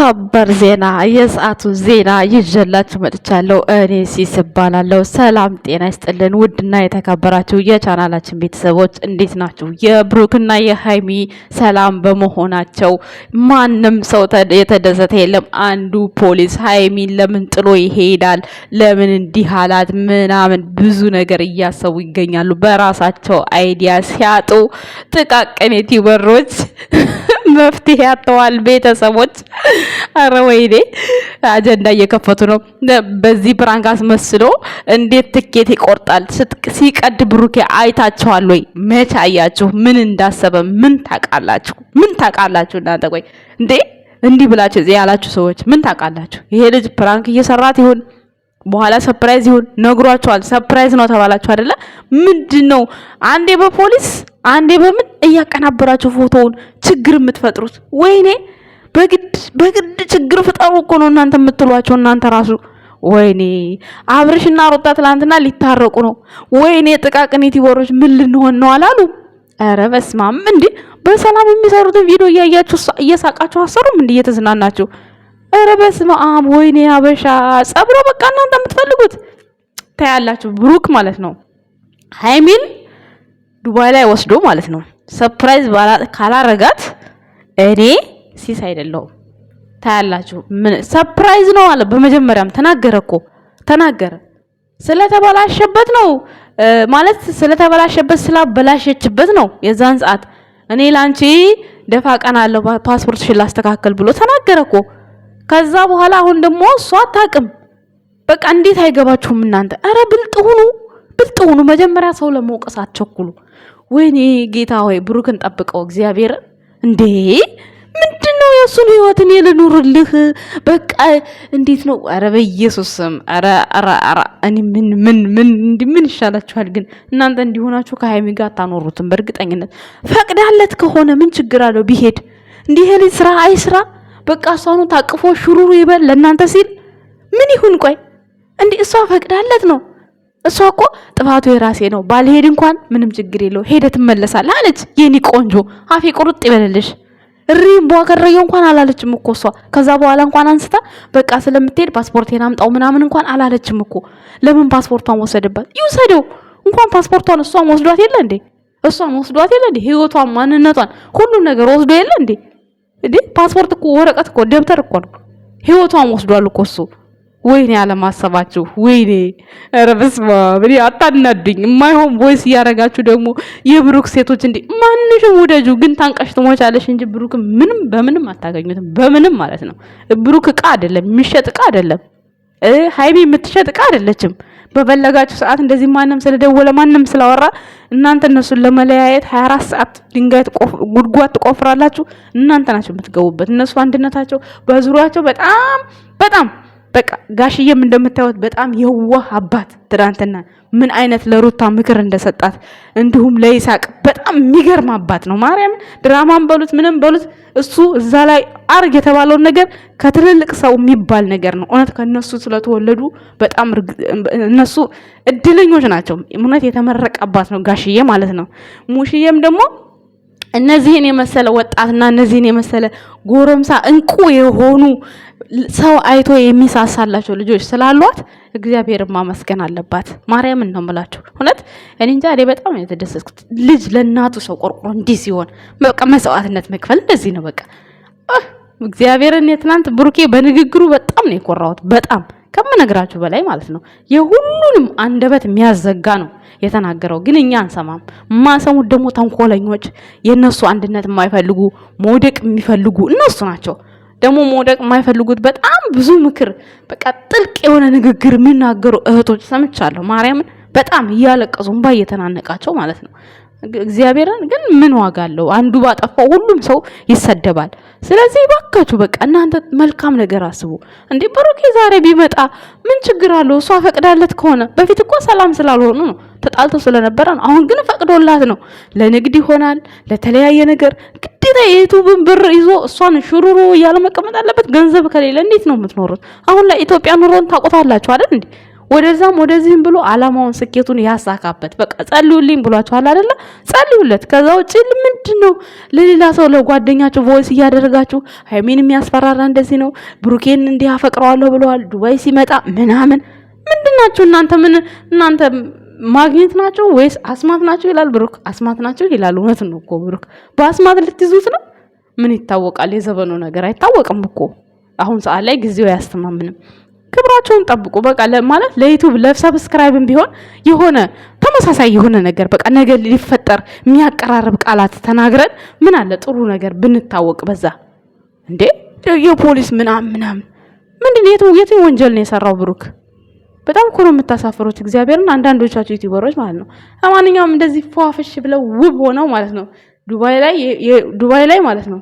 ሰበር ዜና የሰዓቱ ዜና ይዤላችሁ መጥቻለሁ። እኔ ሲስ እባላለሁ። ሰላም ጤና ይስጥልን። ውድና የተከበራችሁ የቻናላችን ቤተሰቦች እንዴት ናችሁ? የብሩክና የሀይሚ ሰላም በመሆናቸው ማንም ሰው የተደሰተ የለም። አንዱ ፖሊስ ሀይሚን ለምን ጥሎ ይሄዳል፣ ለምን እንዲህ አላት ምናምን ብዙ ነገር እያሰቡ ይገኛሉ። በራሳቸው አይዲያ ሲያጡ ጥቃቅን ዩቲዩበሮች መፍትሄ ያተዋል ቤተሰቦች። አረ ወይኔ አጀንዳ እየከፈቱ ነው። በዚህ ፕራንክ አስመስሎ እንዴት ትኬት ይቆርጣል ሲቀድ ብሩኬ አይታችኋል ወይ? መቼ አያችሁ? ምን እንዳሰበ ምን ታውቃላችሁ? ምን ታውቃላችሁ እናንተ? ቆይ እንዴ እንዲህ ብላችሁ እዚህ ያላችሁ ሰዎች ምን ታውቃላችሁ? ይሄ ልጅ ፕራንክ እየሰራት ይሁን በኋላ ሰፕራይዝ ይሁን ነግሯቸዋል። ሰፕራይዝ ነው ተባላችሁ አይደለ? ምንድን ነው አንዴ በፖሊስ አንዴ በምን እያቀናበራችሁ ፎቶውን ችግር የምትፈጥሩት? ወይኔ በግድ በግድ ችግር ፍጠሩ እኮ ነው እናንተ የምትሏቸው እናንተ ራሱ ወይኔ አብርሽና ሮጣ ትላንትና ሊታረቁ ነው። ወይኔ ጥቃቅን ዩቲዩበሮች ምን ልንሆን ነው አላሉ? ኧረ በስማም እንዴ! በሰላም የሚሰሩትን ቪዲዮ እያያችሁ እየሳቃችሁ አሰሩም እንዴ እየተዝናናችሁ ኧረ በስመ አብ ወይኔ ሀበሻ ጸብሮ በቃ እናንተ የምትፈልጉት ታያላችሁ። ብሩክ ማለት ነው ሀይሚን ዱባይ ላይ ወስዶ ማለት ነው ሰርፕራይዝ ካላረጋት እኔ ሲስ አይደለሁም። ታያላችሁ። ምን ሰርፕራይዝ ነው አለ። በመጀመሪያም ተናገረ እኮ ተናገረ። ስለተበላሸበት ነው ማለት ስለተበላሸበት ስላበላሸችበት ነው የዛን ሰዓት እኔ ላንቺ ደፋ ቀናለሁ ፓስፖርትሽን ላስተካከል ብሎ ተናገረ እኮ ከዛ በኋላ አሁን ደግሞ እሷ አታውቅም። በቃ እንዴት አይገባችሁም እናንተ? አረ ብልጥ ሁኑ፣ ብልጥ ሁኑ። መጀመሪያ ሰው ለመውቀስ አትቸኩሉ። ወይኔ ጌታ ወይ ብሩክን ጠብቀው እግዚአብሔር። እንዴ ምንድን ነው የእሱን ህይወት እኔ ልኑርልህ? በቃ እንዴት ነው? አረ በኢየሱስም አረ አረ አረ እኔ ምን ምን ምን ምን ይሻላችኋል ግን እናንተ እንዲሆናችሁ ከሀይሚ ጋር አታኖሩትም። በእርግጠኝነት ፈቅዳለት ከሆነ ምን ችግር አለው ቢሄድ? እንዲህ ልጅ ስራ አይ ስራ በቃ እሷኑ ታቅፎ ሹሩሩ ይበል ለእናንተ ሲል ምን ይሁን? ቆይ እንዲህ እሷ ፈቅዳለት ነው። እሷ እኮ ጥፋቱ የራሴ ነው ባልሄድ እንኳን ምንም ችግር የለው ሄደ ትመለሳለህ አለች። የኔ ቆንጆ አፌ ቁርጥ ይበልልሽ። እሪ ቧከረየው እንኳን አላለችም እኮ እሷ። ከዛ በኋላ እንኳን አንስታ በቃ ስለምትሄድ ፓስፖርቴን አምጣው ምናምን እንኳን አላለችም እኮ። ለምን ፓስፖርቷን ወሰደባት? ይውሰደው እንኳን ፓስፖርቷን እሷን ወስዷት የለ እንዴ? እሷን ወስዷት የለ እንዴ? ህይወቷን፣ ማንነቷን፣ ሁሉም ነገር ወስዶ የለ እንዴ? እንዴ ፓስፖርት እኮ ወረቀት እኮ ደብተር እኮ ነው። ህይወቷን ወስዷል እኮ እሱ። ወይኔ አለማሰባችሁ ወይኔ ኧረ በስመ አብ። እኔ አታናዱኝ። የማይሆን ቮይስ እያደረጋችሁ ደግሞ የብሩክ ሴቶች እንዲህ ማንሽም ውደጁ፣ ግን ታንቀሽ ትሞቻለሽ እንጂ ብሩክ ምንም በምንም አታገኙትም። በምንም ማለት ነው። ብሩክ እቃ አይደለም፣ የሚሸጥ እቃ አይደለም። ሀይሜ የምትሸጥ እቃ አይደለችም። በፈለጋችሁ ሰዓት እንደዚህ ማንም ስለደወለ ማንም ስላወራ እናንተ እነሱን ለመለያየት 24 ሰዓት ድንጋይ ጉድጓድ ትቆፍራላችሁ። እናንተ ናቸው የምትገቡበት። እነሱ አንድነታቸው በዙሪያቸው በጣም በጣም በቃ ጋሽዬም እንደምታዩት በጣም የዋህ አባት ትናንትና ምን አይነት ለሩታ ምክር እንደሰጣት እንዲሁም ለይሳቅ በጣም የሚገርም አባት ነው። ማርያም ድራማን በሉት ምንም በሉት እሱ እዛ ላይ አርግ የተባለውን ነገር ከትልልቅ ሰው የሚባል ነገር ነው። እውነት ከነሱ ስለተወለዱ በጣም እነሱ እድለኞች ናቸው። እውነት የተመረቀ አባት ነው ጋሽዬ ማለት ነው። ሙሽዬም ደግሞ እነዚህን የመሰለ ወጣትና እነዚህን የመሰለ ጎረምሳ እንቁ የሆኑ ሰው አይቶ የሚሳሳላቸው ልጆች ስላሏት እግዚአብሔር ማመስገን አለባት። ማርያምን ነው የምላቸው። እውነት እኔ እንጃ እኔ በጣም ነው የተደሰትኩት። ልጅ ለእናቱ ሰው ቆርቆሮ እንዲህ ሲሆን በቃ መስዋዕትነት መክፈል እንደዚህ ነው። በቃ እግዚአብሔርን የትናንት ብሩኬ በንግግሩ በጣም ነው የኮራሁት። በጣም ከምነግራችሁ በላይ ማለት ነው። የሁሉንም አንደበት የሚያዘጋ ነው የተናገረው። ግን እኛ አንሰማም። ማሰሙት ደግሞ ተንኮለኞች፣ የእነሱ አንድነት የማይፈልጉ መውደቅ የሚፈልጉ እነሱ ናቸው። ደግሞ መውደቅ የማይፈልጉት በጣም ብዙ ምክር፣ በቃ ጥልቅ የሆነ ንግግር የሚናገሩ እህቶች ሰምቻለሁ። ማርያምን በጣም እያለቀሱ እንባ እየተናነቃቸው ማለት ነው። እግዚአብሔርን ግን ምን ዋጋ አለው? አንዱ ባጠፋው ሁሉም ሰው ይሰደባል። ስለዚህ ባካችሁ በቃ እናንተ መልካም ነገር አስቡ። እንዴ ብሩኬ ዛሬ ቢመጣ ምን ችግር አለው? እሷ ፈቅዳለት ከሆነ በፊት እኮ ሰላም ስላልሆኑ ነው ተጣልተው ስለነበረ ነው። አሁን ግን ፈቅዶላት ነው። ለንግድ ይሆናል፣ ለተለያየ ነገር ግዴታ የዩቱብን ብር ይዞ እሷን ሽሩሩ እያለ መቀመጥ አለበት። ገንዘብ ከሌለ እንዴት ነው የምትኖሩት? አሁን ላይ ኢትዮጵያ ኑሮን ታቆታላችሁ አይደል እንዴ? ወደዛም ወደዚህም ብሎ አላማውን ስኬቱን ያሳካበት። በቃ ጸልዩልኝ ብሏችኋል አይደለ? ጸልዩለት። ከዛ ውጭ ምንድን ነው ለሌላ ሰው ለጓደኛችሁ ቮይስ እያደረጋችሁ ሀይሜን የሚያስፈራራ እንደዚህ ነው፣ ብሩኬን እንዲህ አፈቅረዋለሁ ብለዋል፣ ዱባይ ሲመጣ ምናምን ምንድናችሁ እናንተ ምን እናንተ ማግኘት ናቸው ወይስ አስማት ናቸው ይላል ብሩክ። አስማት ናቸው ይላል። እውነት ነው እኮ ብሩክ። በአስማት ልትይዙት ነው? ምን ይታወቃል? የዘመኑ ነገር አይታወቅም እኮ አሁን ሰዓት ላይ ጊዜው አያስተማምንም። ክብራቸውን ጠብቁ። በቃ ማለት ለዩቱብ ለሰብስክራይብም ቢሆን የሆነ ተመሳሳይ የሆነ ነገር በቃ ነገር ሊፈጠር የሚያቀራርብ ቃላት ተናግረን ምን አለ ጥሩ ነገር ብንታወቅ በዛ እንዴ የፖሊስ ምናምን ምናምን ምንድን የት ወንጀል ነው የሰራው ብሩክ? በጣም እኮ ነው የምታሳፍሩት እግዚአብሔርን አንዳንዶቻችሁ ዩቲዩበሮች ማለት ነው። ለማንኛውም እንደዚህ ፏፍሽ ብለው ውብ ሆነው ማለት ነው ዱባይ ላይ ላይ ማለት ነው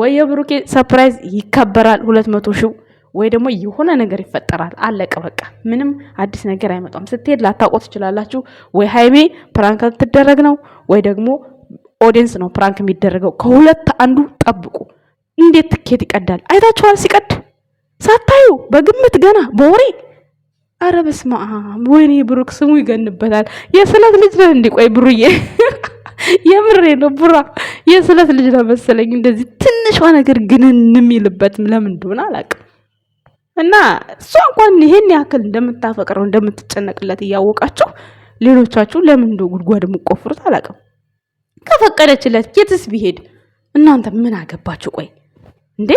ወይ የብሩኬ ሰርፕራይዝ ይከበራል ሁለት መቶ ሺው ወይ ደግሞ የሆነ ነገር ይፈጠራል። አለቀ በቃ ምንም አዲስ ነገር አይመጣም። ስትሄድ ላታውቆ ትችላላችሁ። ወይ ሀይሜ ፕራንክ ትደረግ ነው ወይ ደግሞ ኦዲየንስ ነው ፕራንክ የሚደረገው። ከሁለት አንዱ ጠብቁ። እንዴት ትኬት ይቀዳል? አይታችኋል ሲቀድ ሳታዩ በግምት ገና በወሬ አረ በስመ አብ ወይኔ ብሩክ ስሙ ይገንበታል። የስለት ልጅ ነህ እንዴ? ቆይ ብሩዬ የምሬ ነው ቡራ የስለት ልጅ ነው መሰለኝ። እንደዚህ ትንሿ ነገር ግንን የሚልበትም ለምን እንደሆነ አላውቅም። እና እሷ እንኳን ይሄን ያክል እንደምታፈቅረው እንደምትጨነቅለት እያወቃችሁ ሌሎቻችሁ ለምን እንደ ጉድጓድ የምቆፍሩት አላውቅም። ከፈቀደችለት የትስ ቢሄድ እናንተ ምን አገባችሁ? ቆይ እንዴ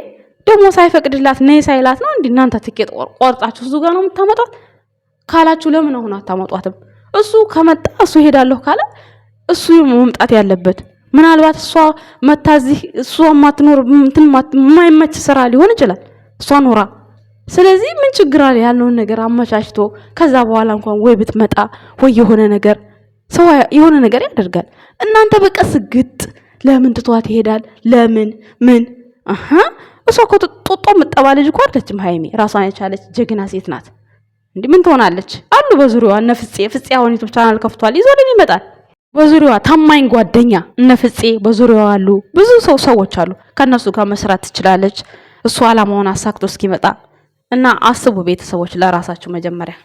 ደግሞ ሳይፈቅድላት ነይ ሳይላት ነው እንዲ እናንተ ትኬት ቆርጣችሁ እሱ ጋር ነው የምታመጧት። ካላችሁ ለምን አሁን አታመጧትም? እሱ ከመጣ እሱ ይሄዳለሁ ካለ እሱ መምጣት ያለበት ምናልባት እሷ መታዚህ እሷ ማትኖር እንትን የማይመች ስራ ሊሆን ይችላል እሷ ኖራ ስለዚህ ምን ችግር አለ? ያለውን ነገር አመቻችቶ ከዛ በኋላ እንኳን ወይ ብትመጣ ወይ የሆነ ነገር ሰው የሆነ ነገር ያደርጋል። እናንተ በቀስ ግጥ ለምን ትቷት ይሄዳል? ለምን ምን አሃ እሷ እኮ ጦጦ ምጠባ ልጅ እኮ አይደለችም። ራሷን የቻለች ጀግና ሴት ናት። እንዲህ ምን ትሆናለች አሉ በዙሪያዋ እነ ፍፄ ፍፄ አሁን ዩቱብ ቻናል ከፍቷል ይዞልን ይመጣል። በዙሪያዋ ታማኝ ጓደኛ እነ ፍፄ በዙሪያዋ አሉ። ብዙ ሰው ሰዎች አሉ። ከእነሱ ጋር መስራት ትችላለች። እሱ አላማውን አሳክቶ እስኪመጣ እና አስቡ ቤተሰቦች ለራሳችሁ መጀመሪያ